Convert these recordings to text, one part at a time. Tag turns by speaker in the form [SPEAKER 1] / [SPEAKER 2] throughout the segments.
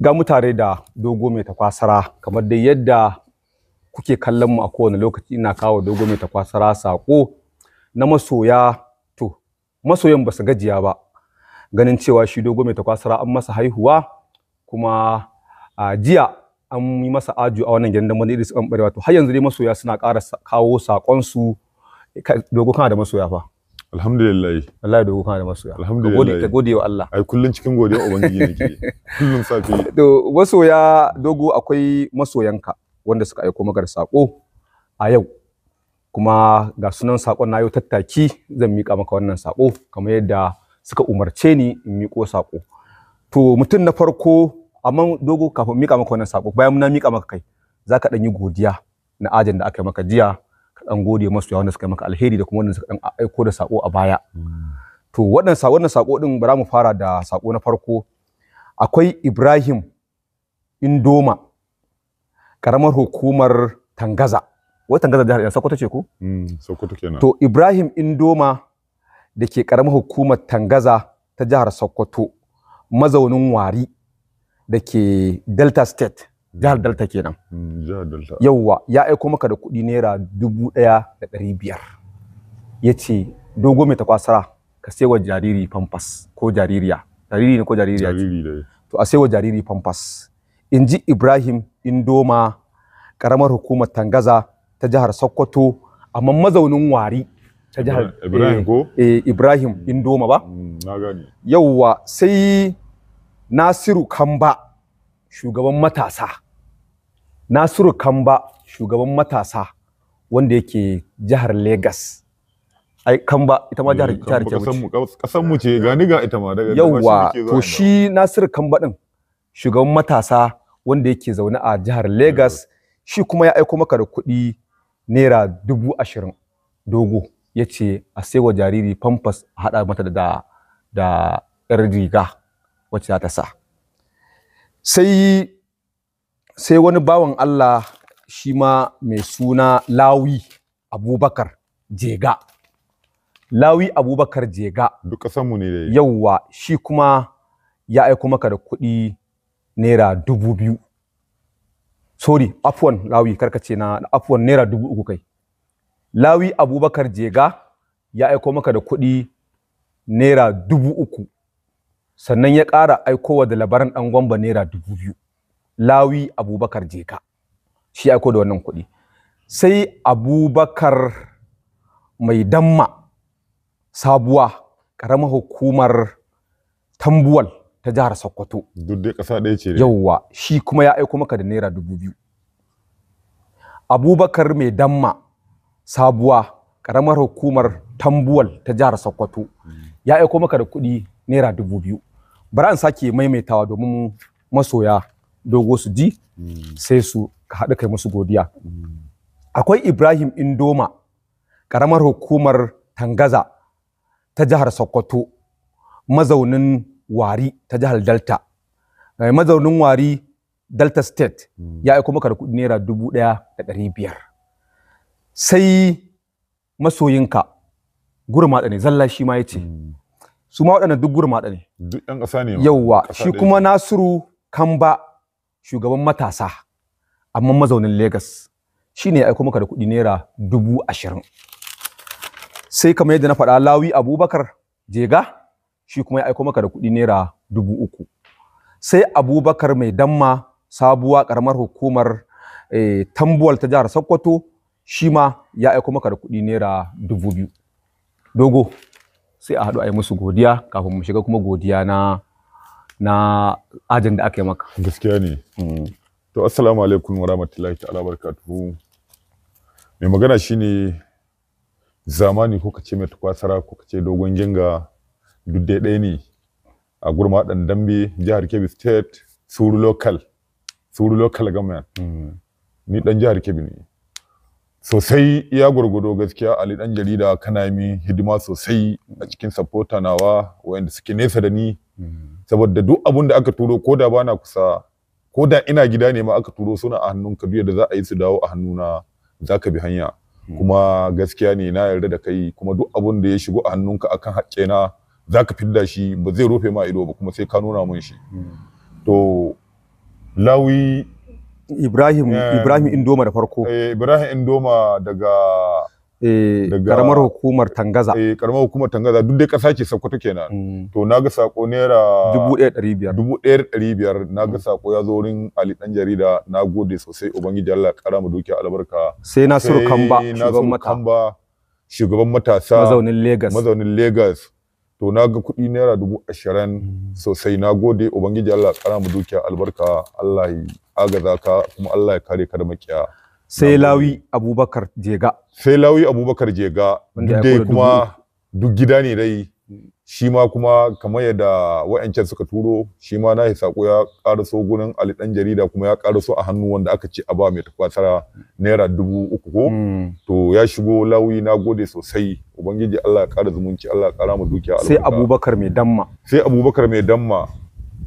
[SPEAKER 1] ga mutane da dogo mai takwasara kamar dai yadda kuke kallon mu a kowane lokaci ina kawo dogo mai takwasara sako na masoya to masoyan ba su gajiya ba ganin cewa shi dogo mai takwasara an masa haihuwa kuma a jiya an yi masa aju a wannan gidan wani Idris Bambarewa to har yanzu dai masoya suna ƙara kawo saƙonsu. dogo kana da masoya fa Alhamdulillah. Allah dogo kana da masoya. Alhamdulillah. Ka
[SPEAKER 2] gode wa Allah. Ai kullun cikin godiya ubangiji nake. Kullun safi.
[SPEAKER 1] To masoya dogo akwai masoyanka wanda suka aiko maka da sako a yau. Kuma ga sunan sakon na yau tattaki zan mika maka wannan sako kamar yadda suka umarce ni in miƙo sako. To mutum na farko amma dogo kafin mika maka wannan sako bayan na mika maka kai zaka dan yi godiya na ajin da aka yi maka jiya dan gode masu yawa wanda suka maka alheri da kuma wanda suka dan aiko da sako a baya hmm. to wannan wannan sako din bara mu fara da sako na farko akwai Ibrahim Indoma karamar hukumar Tangaza wai Tangaza jihar Yan Sokoto ce ko
[SPEAKER 2] hmm, Sokoto kenan to
[SPEAKER 1] Ibrahim Indoma da ke karamar hukumar Tangaza ta jihar Sokoto mazaunin Wari da ke Delta State jihar Delta kenan. Mm, jihar Delta. Yawwa ya aiko maka da kuɗi naira dubu ɗaya da ɗari biyar. Ya ce dogo mai takwasara ka wa jariri pampas ko jaririya. Jariri ne ko jaririya ce? To a wa jariri pampas. In ji Ibrahim Indoma karamar hukumar Tangaza ta jihar Sokoto amma mazaunin Wari ta jihar Ibrahim ko? Eh, eh Ibrahim Indoma ba? Mm, na gani. Yawwa sai Nasiru Kamba. shugaban matasa nasiru kamba shugaban matasa wanda yake jihar Legas. ai kamba ita ma jihar eh, jihar ke kasan mu ce gani ga ita ma daga yawa to shi nasiru kamba din shugaban matasa wanda yake zaune a jihar Legas eh. shi kuma ya aiko maka da kuɗi naira dubu ashirin dogo ya ce a sai wa jariri famfas a haɗa mata da da riga wacce za ta sa sai sai wani bawan Allah shi ma mai suna Lawi Abubakar Jega Lawi Abubakar Jega duk kasanmu ne dai yauwa shi kuma ya aika maka da kuɗi naira dubu biyu sorry afwan Lawi karkace na afwan naira dubu uku kai Lawi Abubakar Jega ya aika maka da kuɗi naira dubu uku sannan ya ƙara aikowa da labaran ɗan gwamba naira dubu biyu lawi abubakar jeka shi aiko da wannan kuɗi sai abubakar mai damma sabuwa ƙaramar hukumar tambuwal ta jihar sokoto duk dai ƙasa ɗaya ce yauwa shi kuma ya aiko maka da naira dubu biyu abubakar mai damma sabuwa ƙaramar hukumar tambuwal ta jihar sokoto hmm. ya aiko maka da kuɗi naira dubu biyu bari an sake maimaitawa domin masoya dogo su ji mm. sai su haɗu kai musu godiya mm. akwai ibrahim indoma ƙaramar hukumar tangaza ta jihar sokoto mazaunin wari ta jihar delta eh, mazaunin wari delta state mm. ya aiko maka da kuɗi naira dubu ɗaya da ɗari biyar sai masoyinka gurmatsa ne zalla shi ma ya ce su ma waɗannan duk gurmaɗa ne duk ɗan ƙasa ne yawwa shi kuma nasiru kamba shugaban matasa amma mazaunin Legas shi ne ya aiko maka da kuɗi naira dubu ashirin sai kamar yadda na faɗa lawi abubakar jega shi kuma ya aiko maka da kuɗi naira dubu uku sai abubakar mai damma sabuwa ƙaramar hukumar e, tambuwal ta jihar sokoto shi ma ya aiko maka da kuɗi naira dubu biyu dogo sai a haɗu a yi musu godiya kafin mu shiga kuma godiya na na ajin da aka yi maka gaskiya ne mm.
[SPEAKER 2] to assalamu alaikum wa
[SPEAKER 1] rahmatullahi ta'ala barakatuhu
[SPEAKER 2] mai magana shi ne zamani ko kace mai tukwasara ko kace dogon jinga duk dai ɗaya ne a gurma ɗan dambe jihar kebbi state suru local suru local government mm. ni ɗan jihar kebbi ne sosai iya gwargwado gaskiya ali dan jarida kana mi hidima sosai a cikin sapota nawa wayanda suke nesa da ni saboda duk abun da aka turo ko da bana kusa ko da ina gida ne ma aka turo suna a hannun ka duk da za a yi su dawo a hannuna za ka bi hanya kuma gaskiya ne na yarda da kai kuma duk abun da ya shigo a hannunka akan haƙƙe na za ka fidda shi ba zai rufe ma ido ba kuma sai ka nuna mun shi
[SPEAKER 1] to lawi Ibrahim eh, Ibrahim Indoma da farko. Eh Ibrahim
[SPEAKER 2] Indoma daga
[SPEAKER 1] eh karamar hukumar Tangaza. Eh karamar hukumar Tangaza duk dai
[SPEAKER 2] kasa ce Sokoto kenan. Mm. To naga sako naira 1500 1500 naga sako ya zo wurin Ali dan jarida Na gode sosai ubangiji Allah kara mu dukiya albarka. Sai Nasiru Kamba shugaban mata. Kamba shugaban matasa mazaunin Lagos. Mazaunin Lagos. to na ga kuɗi naira dubu ashirin mm. sosai na gode ubangiji Allah kara mu dukiya albarka Allah ya agaza ka kuma Allah ya kare ka da makiya sai lawi abubakar jega sai lawi abubakar jega duk dai kuma duk gida ne dai shi ma kuma kamar yadda wa'ancan suka turo shi ma na sako ya karaso gurin ali dan jarida kuma ya karaso a hannu wanda aka ce a ba mai takwasara naira dubu uku ko hmm. to ya shigo lawi na gode sosai ubangiji Allah ya kara zumunci Allah ya kara mu
[SPEAKER 1] dukiya sai abubakar mai damma sai abubakar mai damma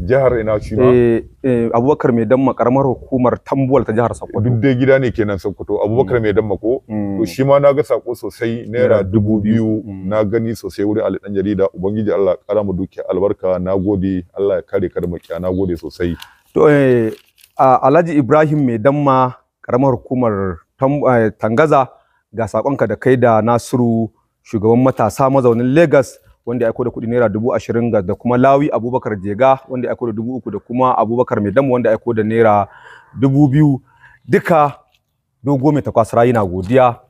[SPEAKER 1] jihar ina shi ma eh, eh abubakar mai damma karamar hukumar tambuwal ta jihar sokoto duk dai gida ne kenan sokoto abubakar mm. mai damma
[SPEAKER 2] ko to mm. shi ma naga sako sosai naira dubu biyu mm. na gani sosai wurin ali dan jarida ubangiji Allah ya kara mu dukiya albarka nagode Allah ya kare kar makiya nagode sosai
[SPEAKER 1] to eh Alhaji Ibrahim mai damma karamar hukumar eh, tangaza ga sakonka da kai da Nasiru shugaban matasa mazaunin Lagos wanda ya aiko da kuɗi naira dubu ashirin ga da kuma lawi abubakar jega wanda ya aiko da dubu uku da kuma abubakar mai damu wanda ya aiko da naira dubu biyu duka dogo mai takwas na godiya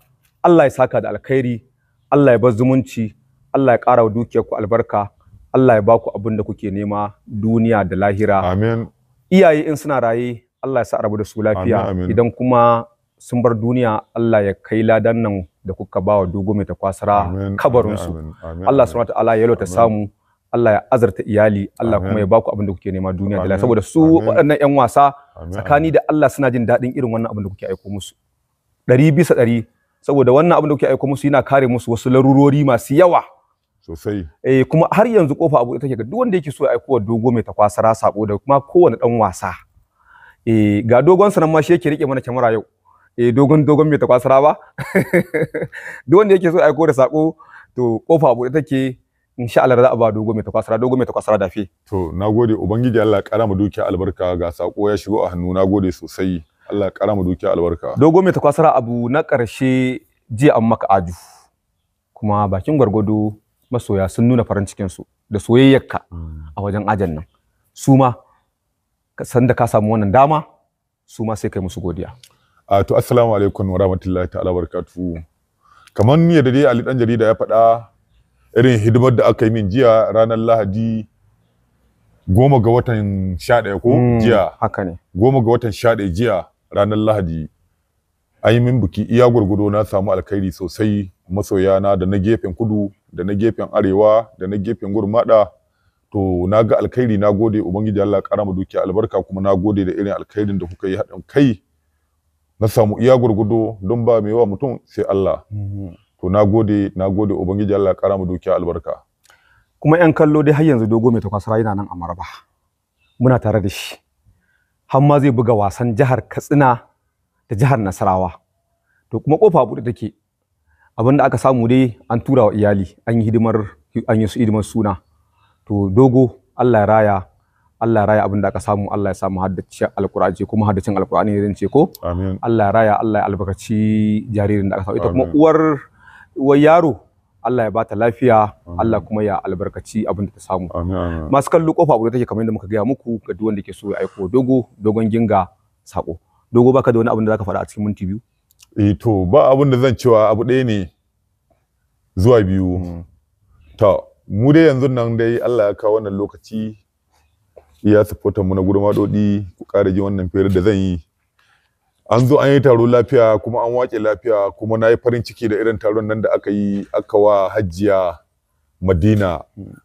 [SPEAKER 1] allah ya saka da alkhairi allah ya bar zumunci allah ya ƙara wa ku albarka allah ya baku abin da kuke nema duniya da lahira amin iyaye in suna raye allah ya sa rabu da su lafiya idan kuma sun bar duniya allah ya kai ladan nan da kuka bawa dogo mai takwasara kabarinsu Allah subhanahu wataala ya ta samu Allah ya azarta iyali Allah kuma ya baku abin da kuke nema duniya da saboda su waɗannan ƴan wasa tsakani da Allah suna jin daɗin irin wannan abin da kuke aiko musu ɗari bisa ɗari saboda wannan abin da kuke aiko musu yana kare musu wasu larurori masu yawa sosai eh kuma har yanzu kofa abu take ga duk wanda yake so ya aiko wa dogo mai takwasara sako da kuma kowane ɗan wasa eh ga dogon sanan ma shi yake rike mana kyamara yau E dogon dogon mai takwasara ba duk wanda yake so aiko da sako to kofa bude take insha Allah za a ba dogon mai takwasara dogon mai takwasara dafe to nagode ubangiji Allah ya kara mu dukiya albarka
[SPEAKER 2] ga sako ya shigo a hannu nagode sosai Allah ya kara mu dukiya albarka dogon mai takwasara abu na
[SPEAKER 1] karshe jiya an maka aju kuma bakin gwargwado masoya sun nuna farin cikin su da soyayyarka hmm. a wajen ajan nan su ma san da ka samu wannan dama su ma sai kai musu godiya Uh, to assalamu alaikum wa rahmatullahi
[SPEAKER 2] ta'ala barakatuhu. Kamar yadda dai Ali dan jarida ya faɗa irin hidimar da aka yi min jiya ranar Lahadi goma ga watan sha ko mm, jiya. Haka ne. Goma ga watan sha jiya ranar Lahadi. An yi min biki iya gwargwado na samu alkhairi sosai na da na gefen kudu da na gefen arewa da na gefen gurmada to na ga alkhairi na gode ubangiji Allah ƙara ma dukiya albarka kuma na gode da irin alkhairin da kuka yi haɗin kai na samu iya gurgudo don ba mai yawa mutum sai Allah mhm. to na gode na gode ubangiji Allah ya kara mu dukiya albarka
[SPEAKER 1] kuma yan kallo dai har yanzu dogo mai takwasara yana nan a maraba muna tare da shi har ma zai buga wasan jihar Katsina da jihar Nasarawa to kuma kofa buɗe take abin da aka samu dai an tura wa iyali an yi hidimar an yi su hidimar suna to dogo Allah ya raya Allah raya abin da aka samu Allah ya samu haddace alkur'ani kuma haddacin alkur'ani ne ce ko amin Allah raya Allah ya albarkaci jaririn da aka samu ita kuma uwar uwar yaro Allah ya bata lafiya Allah kuma ya albarkaci abin da ta samu masu kallo kofa abu da take kamar yadda muka gaya muku ga duk wanda ke so ya aiko dogo dogon ginga sako dogo baka da wani abin da zaka faɗa a cikin minti biyu eh to ba abin da zan cewa abu ɗaya ne zuwa biyu mm. to
[SPEAKER 2] mu dai yanzu nan dai Allah ya kawo wannan lokaci iya supporter mu na gurmadodi ku ƙara ji wannan fere da zan yi an zo an yi taro lafiya kuma an waƙe lafiya kuma na yi farin ciki da irin taron nan da aka yi aka wa hajjiya madina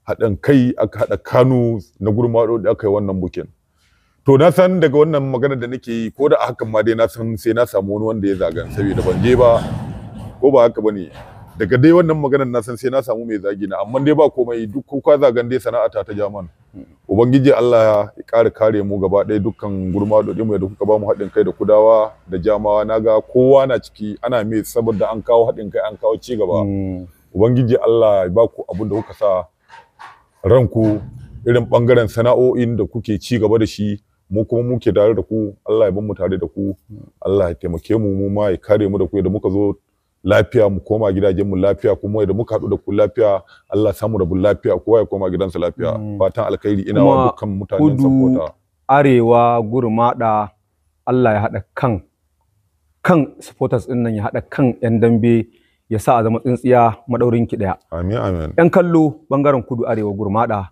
[SPEAKER 2] haɗin kai aka haɗa kano na gurmaɗo da aka yi wannan bukin to na san daga wannan magana da nake yi ko da a hakan ma dai na san sai na samu wani wanda ya zagan saboda ban je ba ko ba haka bane daga dai wannan maganar na san sai na samu mai zagi na amma dai ba komai duk ko ka zagan dai sana'ata ta jaman ubangiji Allah ya ƙara kare mu gaba ɗaya dukkan gurma da mu da kuka ba mu haɗin kai da kudawa da jamawa ga kowa na ciki ana mai saboda an kawo haɗin kai an kawo ci gaba mm. ubangiji Allah ya baku ku abin da kuka sa ranku irin ɓangaren sana'o'in da kuke ci gaba da shi mu kuma muke tare da ku Allah ya bar mu tare da ku mm. Allah ya taimake mu mu ma ya kare mu da ku da muka zo lafiya mu koma gidajen mu lafiya kuma idan muka haɗu da ku lafiya Allah samu rabu lafiya kowa ya koma gidansa lafiya mm. fatan alkhairi ina wa dukkan mutanen Kudu
[SPEAKER 1] arewa gurmada Allah ya haɗa kan kan supporters din nan ya haɗa kan yan dambe ya sa a zama tsintsiya madaurin ki daya amin amin yan kallo bangaren kudu arewa gurmada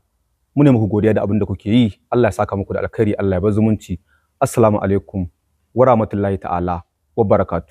[SPEAKER 1] mu ne muku godiya da abin da kuke yi Allah ya saka muku da alkhairi Allah ya bar zumunci assalamu alaikum wa rahmatullahi ta'ala wa barakatuh